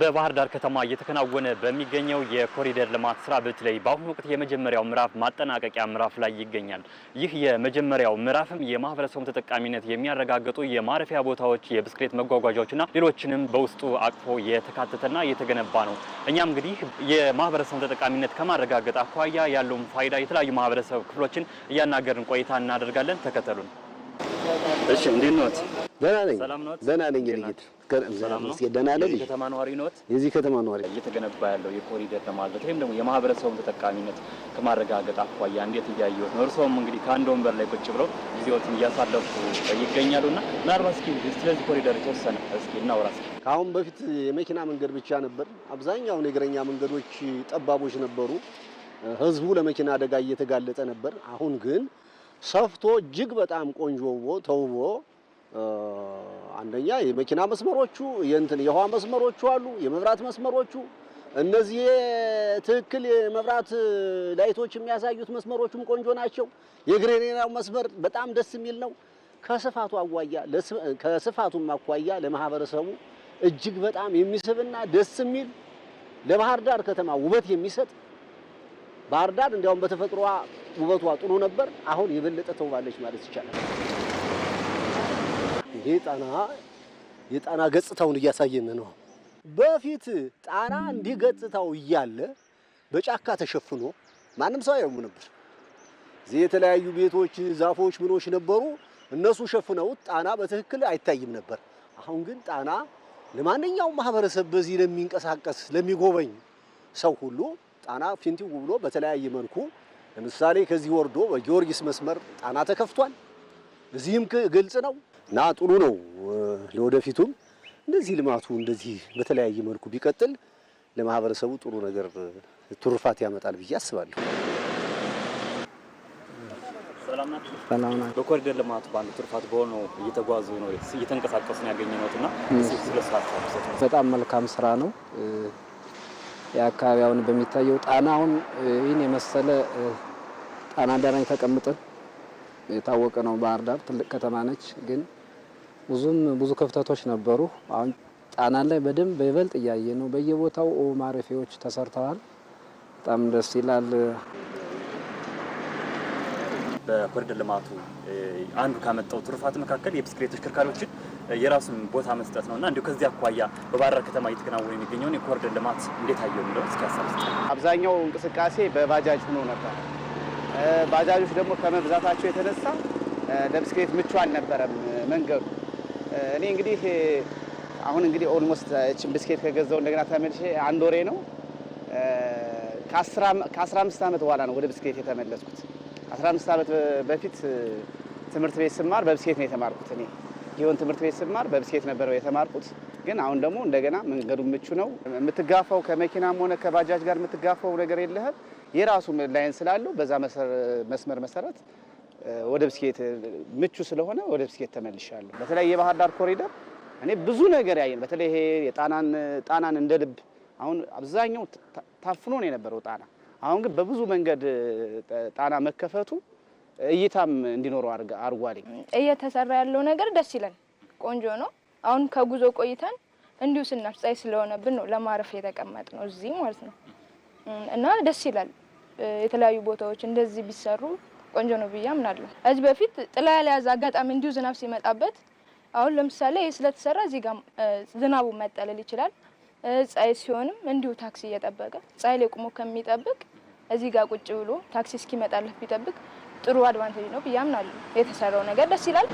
በባህር ዳር ከተማ እየተከናወነ በሚገኘው የኮሪደር ልማት ስራ በተለይ በአሁኑ ወቅት የመጀመሪያው ምዕራፍ ማጠናቀቂያ ምዕራፍ ላይ ይገኛል። ይህ የመጀመሪያው ምዕራፍም የማህበረሰቡን ተጠቃሚነት የሚያረጋግጡ የማረፊያ ቦታዎች፣ የብስክሌት መጓጓዣዎችና ሌሎችንም በውስጡ አቅፎ የተካተተና የተገነባ ነው። እኛም እንግዲህ የማህበረሰቡን ተጠቃሚነት ከማረጋገጥ አኳያ ያለውን ፋይዳ የተለያዩ ማህበረሰብ ክፍሎችን እያናገርን ቆይታ እናደርጋለን። ተከተሉን። እሺ እንዴት ደህና ነኝ። ደህና ነኝ። ልጅት ደህና ነኝ። ከተማ ነዋሪ ነዎት? የዚህ ከተማ ነዋሪ። እየተገነባ ያለው የኮሪደር ልማት ወይም ደግሞ የማህበረሰቡን ተጠቃሚነት ከማረጋገጥ አኳያ እንዴት እያየሁት ነው? እርስዎም እንግዲህ ከአንድ ወንበር ላይ ቁጭ ብለው ጊዜዎትን እያሳለፉ ይገኛሉና ምናልባት እስኪ ስለዚህ ኮሪደር የተወሰነ እስኪ እናውራ። እስኪ ከአሁን በፊት የመኪና መንገድ ብቻ ነበር። አብዛኛውን የእግረኛ መንገዶች ጠባቦች ነበሩ። ህዝቡ ለመኪና አደጋ እየተጋለጠ ነበር። አሁን ግን ሰፍቶ እጅግ በጣም ቆንጆ ተውቦ አንደኛ የመኪና መስመሮቹ የእንትን የውሃ መስመሮቹ አሉ፣ የመብራት መስመሮቹ እነዚህ ትክክል የመብራት ላይቶች የሚያሳዩት መስመሮቹም ቆንጆ ናቸው። የግሬኔናው መስመር በጣም ደስ የሚል ነው። ከስፋቱ አዋያ ከስፋቱም አኳያ ለማህበረሰቡ እጅግ በጣም የሚስብና ደስ የሚል ለባህር ዳር ከተማ ውበት የሚሰጥ ባህር ዳር እንዲያውም በተፈጥሯ ውበቷ ጥሩ ነበር። አሁን የበለጠ ተውባለች ማለት ይቻላል። ይሄ ጣና የጣና ገጽታውን እያሳየን ነው። በፊት ጣና እንዲህ ገጽታው እያለ በጫካ ተሸፍኖ ማንም ሰው አያዩም ነበር። እዚህ የተለያዩ ቤቶች፣ ዛፎች፣ ምኖች ነበሩ። እነሱ ሸፍነውት ጣና በትክክል አይታይም ነበር። አሁን ግን ጣና ለማንኛውም ማህበረሰብ በዚህ ለሚንቀሳቀስ ለሚጎበኝ ሰው ሁሉ ጣና ፊንቲው ብሎ በተለያየ መልኩ ለምሳሌ ከዚህ ወርዶ በጊዮርጊስ መስመር ጣና ተከፍቷል። እዚህም ግልጽ ነው። እና ጥሩ ነው። ለወደፊቱም እንደዚህ ልማቱ እንደዚህ በተለያየ መልኩ ቢቀጥል ለማህበረሰቡ ጥሩ ነገር ትሩፋት ያመጣል ብዬ አስባለሁ። በኮሪደር ልማቱ በአንድ ትሩፋት በሆነው እየተጓዙ ነው እየተንቀሳቀሱ ነው ያገኘነው እና በጣም መልካም ስራ ነው። የአካባቢ በሚታየው ጣናውን ይህን የመሰለ ጣና ዳር ተቀምጠን የታወቀ ነው። ባህር ዳር ትልቅ ከተማ ነች ግን ብዙም ብዙ ክፍተቶች ነበሩ። አሁን ጣናን ላይ በደንብ በይበልጥ እያየ ነው። በየቦታው ማረፊያዎች ተሰርተዋል። በጣም ደስ ይላል። በኮሪደር ልማቱ አንዱ ካመጣው ትሩፋት መካከል የብስክሌት ተሽከርካሪዎችን የራሱን ቦታ መስጠት ነውና እንዲሁ ከዚህ አኳያ በባህር ዳር ከተማ እየተከናወነ የሚገኘውን የኮሪደር ልማት እንዴት አየው የሚለው እስኪ አብዛኛው እንቅስቃሴ በባጃጅ ሆኖ ነበር። ባጃጆች ደግሞ ከመብዛታቸው የተነሳ ለብስክሌት ምቹ አልነበረም መንገዱ። እኔ እንግዲህ አሁን እንግዲህ ኦልሞስት እችን ብስኬት ከገዛው እንደገና ተመልሼ አንድ ወሬ ነው ከአስራ አምስት ዓመት በኋላ ነው ወደ ብስኬት የተመለስኩት። አስራ አምስት ዓመት በፊት ትምህርት ቤት ስማር በብስኬት ነው የተማርኩት። እኔ ይሁን ትምህርት ቤት ስማር በብስኬት ነበረ የተማርኩት። ግን አሁን ደግሞ እንደገና መንገዱ ምቹ ነው። የምትጋፋው ከመኪናም ሆነ ከባጃጅ ጋር የምትጋፋው ነገር የለህም። የራሱ ላይን ስላለው በዛ መስመር መሰረት ወደ ብስክሌት ምቹ ስለሆነ ወደ ብስክሌት ተመልሻለሁ። በተለይ የባህር ዳር ኮሪደር እኔ ብዙ ነገር ያየን፣ በተለይ ይሄ የጣናን ጣናን እንደ ልብ አሁን አብዛኛው ታፍኖ ነው የነበረው ጣና። አሁን ግን በብዙ መንገድ ጣና መከፈቱ እይታም እንዲኖረው አድርጓል። እየተሰራ ያለው ነገር ደስ ይላል፣ ቆንጆ ነው። አሁን ከጉዞ ቆይተን እንዲሁ ስናፍጻይ ስለሆነብን ነው ለማረፍ የተቀመጥ ነው እዚህ ማለት ነው። እና ደስ ይላል። የተለያዩ ቦታዎች እንደዚህ ቢሰሩ ቆንጆ ነው ብዬ አምናለሁ። እዚህ በፊት ጥላ ያልያዘ አጋጣሚ እንዲሁ ዝናብ ሲመጣበት አሁን ለምሳሌ ይህ ስለተሰራ እዚህ ጋር ዝናቡ መጠለል ይችላል። ፀሐይ ሲሆንም እንዲሁ ታክሲ እየጠበቀ ፀሐይ ላይ ቁሞ ከሚጠብቅ እዚህ ጋር ቁጭ ብሎ ታክሲ እስኪመጣለት ቢጠብቅ ጥሩ አድቫንቴጅ ነው ብዬ አምናለሁ። የተሰራው ነገር ደስ ይላል።